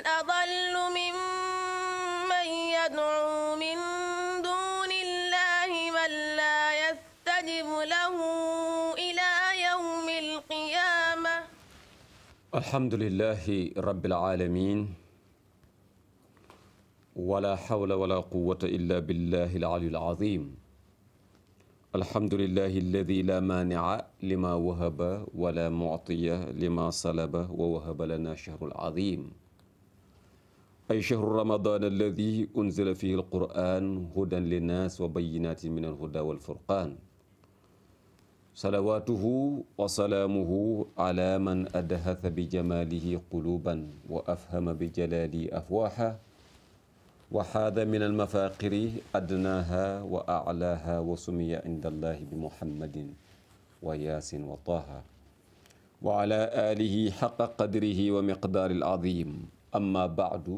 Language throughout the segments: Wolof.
أضل ممن يدعو من دون الله من لا يستجب له إلى يوم القيامة الحمد لله رب العالمين ولا حول ولا قوة إلا بالله العلي العظيم الحمد لله الذي لا مانع لما وهب ولا معطي لما صلب ووهب لنا شهر العظيم ay chahru ramadan alladi unzila fihi alquran hudan linnas wa bayinatin min alhuda walfurqan salawaatuhu wa salaamuhu ala man adhatha bi jamalihi quluban wa afhama bi jalali afwaha wa haada min almafaqiri adnaaha wa aclaaha wa sumiya inda allahi bi muhammadin wa yaasin wa taha wa ala alihi xaqa qadrihi wa miqdaari alazim amma baadu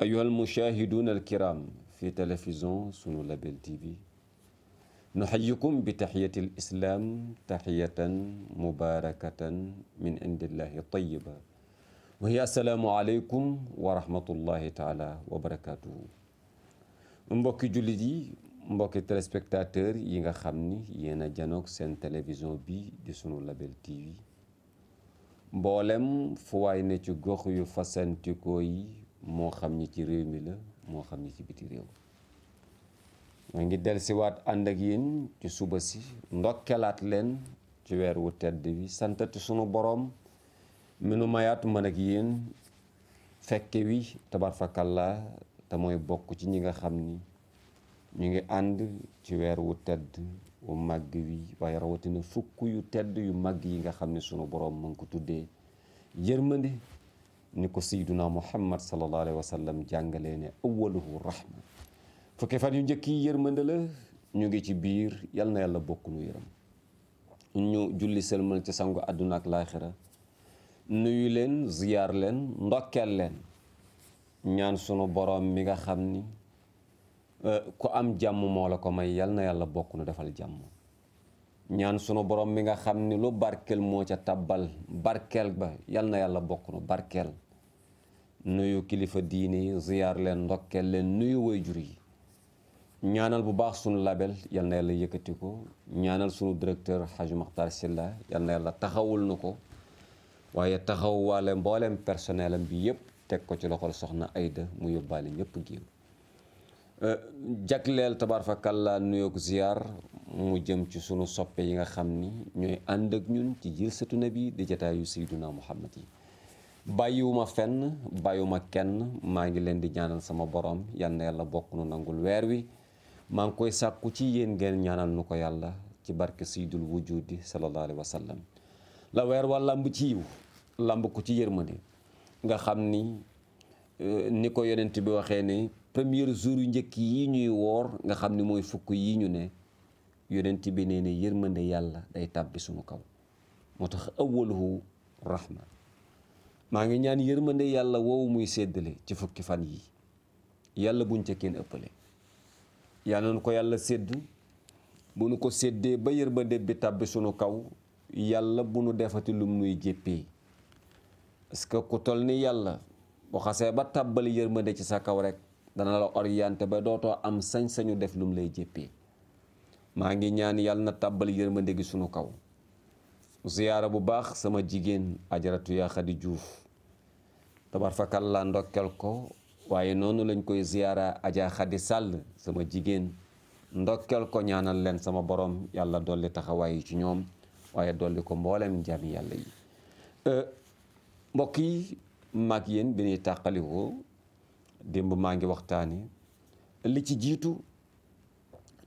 ayuha almushaahiduuna alkiram fi télévision sunu label tv nuxayikum bi taxiyati al islaam taxiyatan mubaarakatan min indillahi tayiba wa hiya assalaamu aleykum wa rahmatullahi taala wa barakatuhu mbokki jullit yi mbokki téléspectateur yi nga xam ni yéen a janoog seen télévision bi di sunu label tv mboolem fu waay ne ci gox yu fasantikoo yi moo xam ni ci réew mi la moo xam ni ci biti réew maa ngi dellusiwaat ànd ak yéen ci suba si ndokkelaat leen ci weer wu tedd bi santati sunu boroom mi nu mayaat mën ak yéen fekke wi tabarfakalla te mooy bokk ci ñi nga xam ni ñu ngi ànd ci weer wu tedd wu màgg wi waaye rawatina fukk yu tedd yu màgg yi nga xam ne sunu boroom mu ngi ko tuddee yërmande ni ko sayduna muhammad sallallahu alayhi wa jàngalee ne awaluhu rahma fukki fan yu njëkk yi yërmande la ñu ngi ci biir yal na yàlla bokk nu yërëm ñu julli sëlmal ci sangu àdduna ak laaxira nuyu leen ziyaar leen ndokkeel leen ñaan sunu boroom mi nga xam ni Euh, ku am jàmm moo la ko may yal na yàlla bokk nu defal jàmm ñaan sunu borom mi nga xam ni lu barkeel moo ca tabbal barkeel ba yal na yàlla bokk nu barkeel nuyu kilifa diine yi ziyaar leen ndokkeel leen nuyu jur yi ñaanal bu baax sunu label yal na yàlla yëkkati ñaanal sunu directeur Hadj Makhtar Silla yal na yàlla taxawul nu ko waaye taxaw waale mboolem personnel am bi yëpp teg ko ci loxol soxna ayda mu yóbbaale ñëpp géew Euh, jagleel tabaar la kàllaa nuyoo ko ziyaar mu jëm ci sunu soppe yi nga xam ni ñooy ànd ak ñun ci jilsatu nabi di jataayu sayduna muhammad yi bàyyiwuma fenn bàyyiwuma kenn maa ngi leen di ñaanal sama borom yal na yàlla bokk nangul weer wi maa ngi koy sàkku ci yéen ngeen ñaanal ko yàlla ci barke saydul wujudi ci yiw ko nga xam ni euh, ni ko yonent bi waxee ni premier jour yu njëkk yi ñuy woor nga xam ni mooy fukk yii ñu ne yonent bi nee ne yërmande yàlla day tàbbi suñu kaw moo tax awaluhu rahma maa ngi ñaan yërmande yàlla wow muy séddale ci fukki fan yi yàlla buñ ca ëppale yàlla ko yàlla sédd bu nu ko seddee ba yërmande bi tàbbi sunu kaw yàlla bu nu defati lu muy jéppee parce que ku toll ni yàlla bu xasee ba tàbbali yërmande ci sa kaw rek dana la orienté ba dootoo am sañ-sañu def lum lay jéppee maa ngi ñaan yàlla na tàbbal ma gi suñu kaw ziyaara bu baax sama jigéen ajaratu yaa Xadi Juuf tabar fakal la ndokkel ko waaye noonu lañ koy ziyaara ajaa Xadi Sàll sama jigéen ndokkel ko ñaanal leen sama boroom yàlla dolli taxawaay ci ñoom waaye dolli ko mbooleem jaami yàlla yi euh, mbokk mag yéen bi ñuy tàqaliwoo démb maa ngi waxtaane li ci jiitu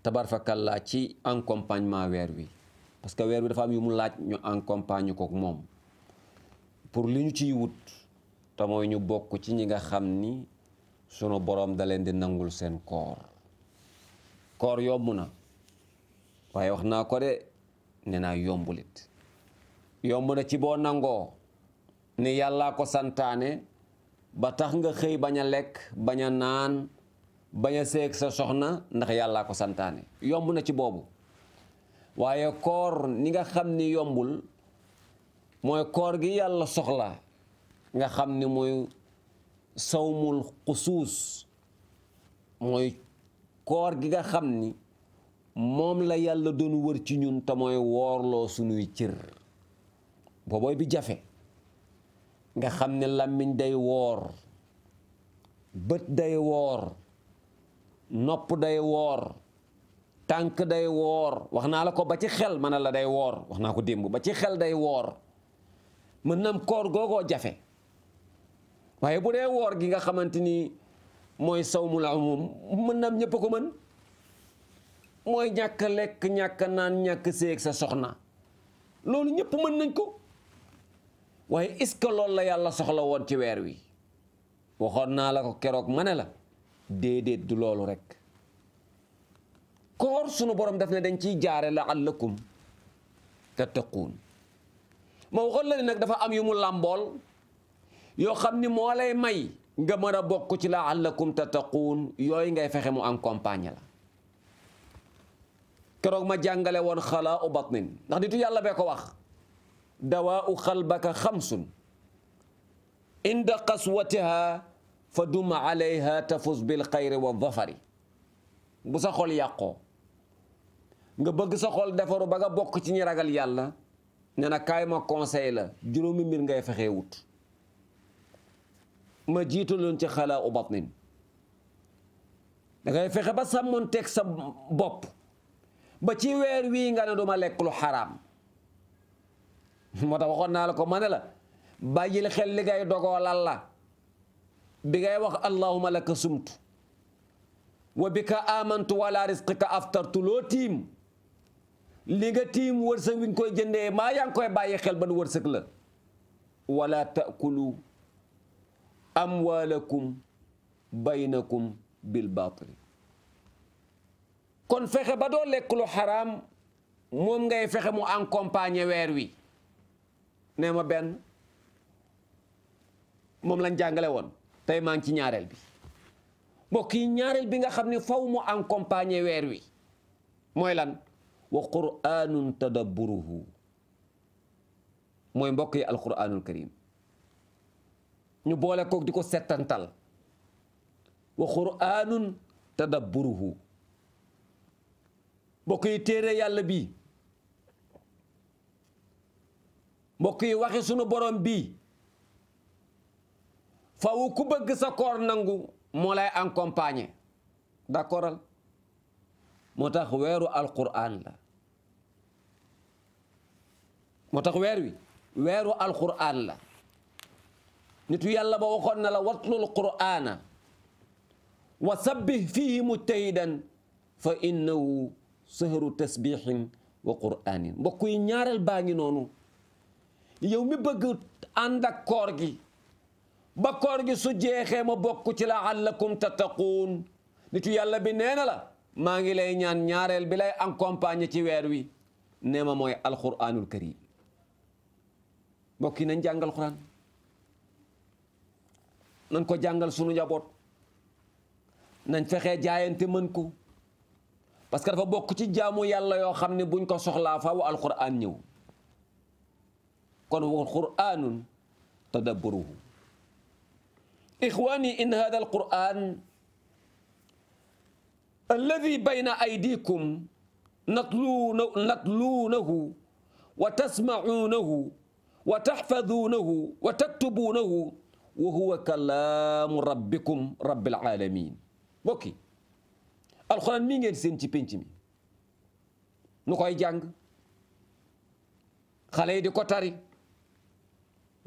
tabarfakalla ci accompagnement weer wi parce que weer wi dafa am yu mu laaj ñu accompagne ko moom pour li ñu ci wut te mooy ñu bokk ci ñi nga xam ni sunu boroom da leen di nangul seen koor koor yomb na waaye wax naa ko de nee naa yombulit yomb na ci boo nangoo ni yàllaa ko santaane ba tax nga xëy bañ a lekk bañ a naan bañ a seeg sa soxna ndax yàllaa ko santaane yomb na ci boobu waaye koor ni nga xam ni yombul mooy koor gi yàlla soxla nga xam ni mooy sawmul xusuus mooy koor gi nga xam ni moom la yàlla doon wër ci ñun te mooy woorloo sunuy cir boobooy bi jafe nga xam ne làmmiñ day woor bët day woor nopp day woor tànk day woor wax naa la ko ba ci xel mën na la day woor wax naa ko démb ba ci xel day woor mën na koor googoo jafe waaye bu dee woor gi nga xamante ni mooy sawmul umum mën na am ñëpp ko mën mooy ñàkk lekk ñàkk naan ñàkk séeg sa soxna loolu ñëpp mën nañ ko waaye est-ce que loolu la yàlla soxla woon ci weer wi waxoon naa la ko keroog ma ne la déedéet du loolu rek koor sunu borom daf ne dañ ciy jaare la'allakum tattaquun ma waxoon la ne nag dafa am yu mu làmbool yoo xam ni moo lay may nga mën a bokk ci la'allakum tattaquun yooyu ngay fexe mu accompagner la keroog ma jàngale woon xalaa u batnin ndax nitu yàlla bee ko wax dawaa'u xalbaka xamsun inda qaswatiha fa dum alayha tafus bil xayri wa zafari bu sa xol yàqoo nga bëgg sa xol defaru ba nga bokk ci ñi ragal yàlla ne na kaay ma conseil la juróomi mbir ngay fexee wut ma jiitu loon ci xalaa u batnin fexe ba sàmmoon teg sa bopp ba ci weer wii nga ne duma lekk lu xaraam moo tax waxoon naa la ko ma ne la bàyyil xel li ngay la bi ngay wax allahuma laka sumtu wa bika amantu wala risqika aftartu loo tiim li tiim wërsëg wi nga koy jëndee maa yaa ngi koy bàyyi xel ba ban wërsëg la wala taakulu amwaalakum baynakum bil baatili kon fexe ba doo lekk lu xaraam moom ngay fexe mu accompagner weer wi nee ma benn moom lañ jàngale woon tey maa ngi ci ñaareel bi mbokk yi ñaareel bi nga xam ne faw mu accompagner weer wi mooy lan wa qur'anun tadabburuhu mooy mbokk yi alquranul karim ñu boole koog di ko settantal wa qur'anun tadabburuhu mbokk yi téere yàlla bii mbokk yi waxe sunu borom bii fawu ku bëgg sa koor nangu moo lay accompagner d'accordal moo tax weeru alquran moo tax weer wi weeru alquran la nitu yàlla ba waxoon na la watlul qur'ana wa sabbih fihi mujtahidan fa innahu sahru tasbihin wa qur'anin mbokk yi ñaareel baa ngi noonu yow mi bëgg ànd ak koor gi ba koor gi su jeexee ma bokk ci la laallakum tattaquun nitu yàlla bi nee na la maa ngi lay ñaan ñaareel bi lay accompagner ci weer wi nee ma mooy alquranul karim mbokk yi nañ jàngal quran nañ ko jàngal sunu njaboot nañ fexee jaayante mën ko parce que dafa bokk ci jaamu yàlla yoo xam ne buñ ko soxlaa faaw alquran ñëw kon wa qur'anun tadabburuhu ixwani in hada alquran alladi bayna aydikum natluunahu wa tasmacuunahu wa taxfaduunahu wa taktubuunahu wa huwa kalaamu rabbikum rabbil aalamiin mbokk yi alxuraan mii ngeen seen ci pénc mi nu koy jàng xale yi di ko tari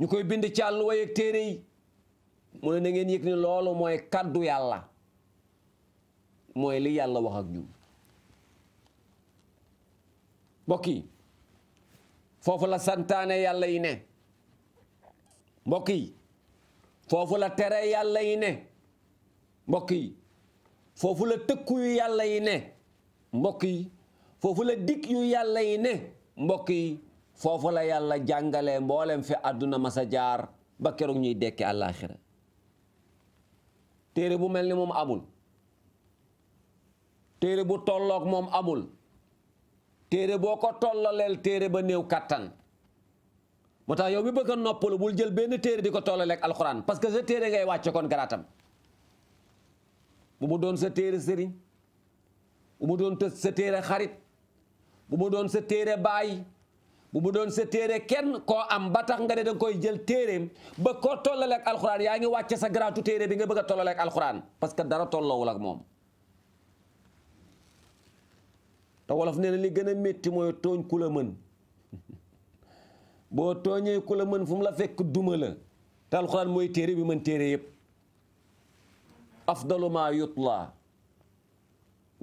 ñu koy bind ci àlluwa ak téere yi mu ne na ngeen yëg ni loolu mooy kàddu yàlla mooy li yàlla wax ju ñun mbokk yi foofu la santaane yàlla yi ne mbokk yi foofu la tere yàlla yi ne mbokk yi foofu la yàlla yi ne mbokk foofu la dikk yu yàlla yi ne mbokk yi foofu la yàlla jàngale mboolem fi àdduna masa jaar ba keroog ñuy dekki àllaaxira téere bu mel ni moom amul téere bu tollook moom amul téere boo ko tollaleel téere ba néew kàttan moo tax yow mi bëgg a noppalu bul jël benn téere di ko tollaleek alxuraan parce que sa téere ngay wàcce kon garaatam bu mu doon sa téere sëriñ bu mu doon sa téere xarit bu mu doon sa téere baay bu mu doon sa téere kenn koo am batax nga ne danga koy jël téereem ba koo tollale ak alxuraan yaa ngi wàcce sa garaatu téere bi nga bëgg a tollale ak parce que dara tolloowul ak moom te wolof nee na li gën a métti mooy tooñ ku la boo tooñee ku la mën fu mu la fekk duma la te alxuraan mooy téere bi mën téere yépp afdalu ma yutla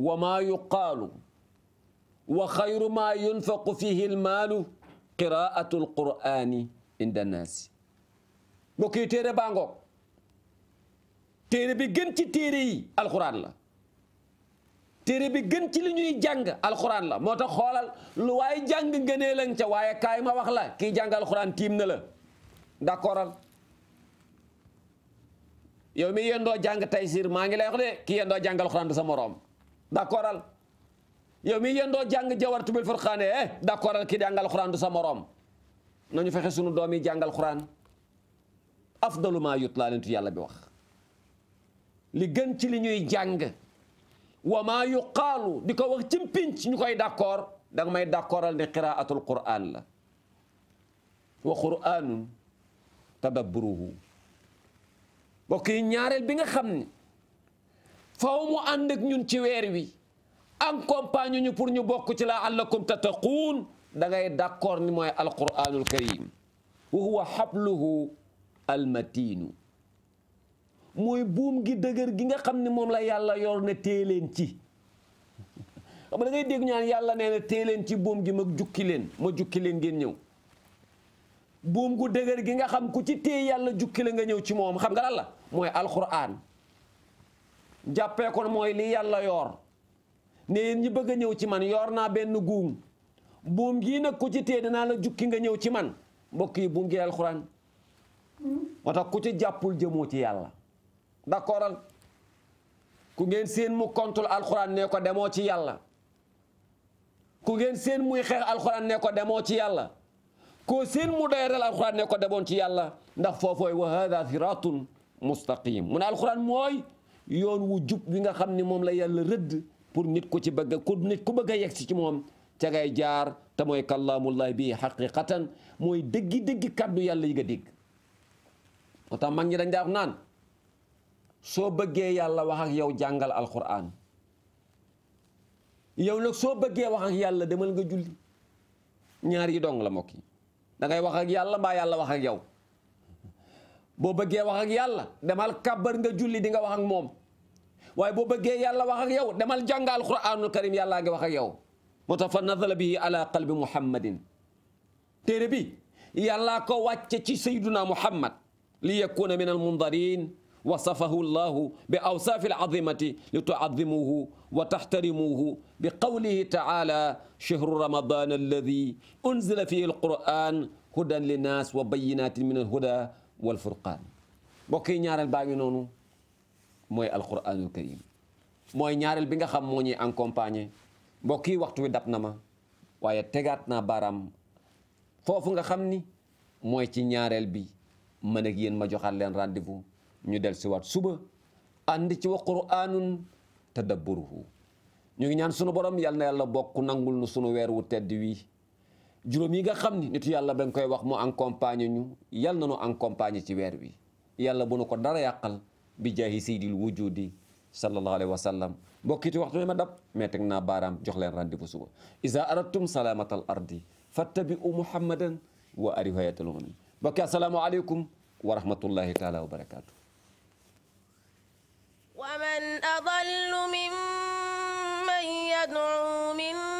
wa ma yuqaalu wa xayru ma yunfaqu fihi almaalu qiraatul qur'ani inda naasi mbokk téere baa téere bi gën ci téere yi alquran la téere bi gën ci li ñuy jàng alquran la moo tax xoolal lu waaye jàng ngënee lañ ca waaye kaay ma wax la kii jàng alquran tiim na la d'accordal yow mi yendoo jàng taysir maa ngi lay wax de kii yendoo jàng alquran du sa moroom d'accordal yow mi yéen doo jàng jawaratumil furqaane eh d'accord al kii jàngal xuraan du sa moroom nañu fexe sunu doom yi jàngal xuraan afdalu maa yut laa leen tu yàlla bi wax li gën ci li ñuy jàng wa maa yuqaalu di ko wax ci pinc ñu koy d'accord danga may d'accordal ne qiraatul qur'an la wa qur'anun tadabburuhu mbokk yi ñaareel bi nga xam ne faw mu ànd ñun ci weer wi accompagne ñu pour ñu bokk ci la allakum tattaquun da ngay d'accord ni mooy alquranul karim wa huwa xabluhu almatinu mooy buum gi dëgër gi nga xam ne moom la yàlla yoor ne téeleen ci xam da ngay ñaan yàlla nee na téeleen ci buum gi mag jukki leen ma jukki leen ngeen ñëw buum gu dëgër gi nga xam ku ci téye yàlla jukki la nga ñëw ci moom xam nga lan la mooy alquran jàppee ko mooy li yàlla yor ne yéen ñi bëgg a ñëw ci man yor naa benn guum buum gii nag ku ci tee danaa la jukki nga ñëw ci man mbokk yi buum gi alxuraan moo tax ku ci jàppul jëmoo ci yàlla d'accordal ku ngeen seen mu kontul alxuraan ne ko demoo ci yàlla ku ngeen seen muy xeex ne ko demoo ci yàlla ko seen mu doyaral alxuraan ne ko demoon ci yàlla ndax foofooy wa hada siratun mustaqim mu ne alxuraan mooy yoon wu jub bi nga xam ni moom la yàlla rëdd pour nit ku ci bëgg ku nit ku bëgg a yegg si ci moom ca ngay jaar te mooy bii bi xaqiqatan mooy dëgg dëggi kàddu yàlla yi ga dégg moo tax mag ñi dañ daa wax naan soo bëggee yàlla wax ak yow jàngal alquran yow nag soo bëggee wax yàlla demal nga julli ñaar yi dong la mbokk yi da wax ak yàlla mbaa yàlla wax ak yow boo bëggee wax ak yàlla demal kàbbar nga julli di nga wax moom waaye boo bëggee yàlla wax ak yow demal jàngal alquranul karim yàllaa ngi wax ak yow moo tax fa nazala bihi ala qalbi muhammadin téere bi yàllaa ko wàcce ci sayduna muhammad li yakuna min almundarin wasafahu llahu bi awsaafi alazimati li tuazimuhu wa taxtarimuhu bi qawlihi taala chahru ramadan alladi unzila fihi alquran hudan linnaas wa bayinatin min alhuda walfurqan mbokk yi ñaareel baa ngi noonu mooy alquranul karim mooy ñaareel bi nga xam moo ñuy accompagner mbokk yi waxtu wi dat na ma waaye tegaat naa baaraam foofu nga xam ni mooy ci ñaareel bi man ak yéen ma joxaat leen rendez-vous ñu del siwaat suba ànd ci wa qur'anun tadabburuhu ñu ngi ñaan sunu borom yal na yàlla bokk nangul nu sunu weer wu tedd wi juróom yi nga xam ni nitu yàlla ba nga koy wax mu accompagner ñu yal na nu ci weer wi yàlla bu nu ko dara yàqal bi jaahi sayyidil wujudi sallallahu alayhi wa sallam mbokkiti waxtu ma dab mais teg naa baaraam jox leen rendez-vous suba iza aradtum salaamatal ardi fattabi'u muhammadan wa ari hayatal mumin mbokki assalaamu aleykum wa rahmatullahi taala wa barakaatu ومن أضل ممن يدعو من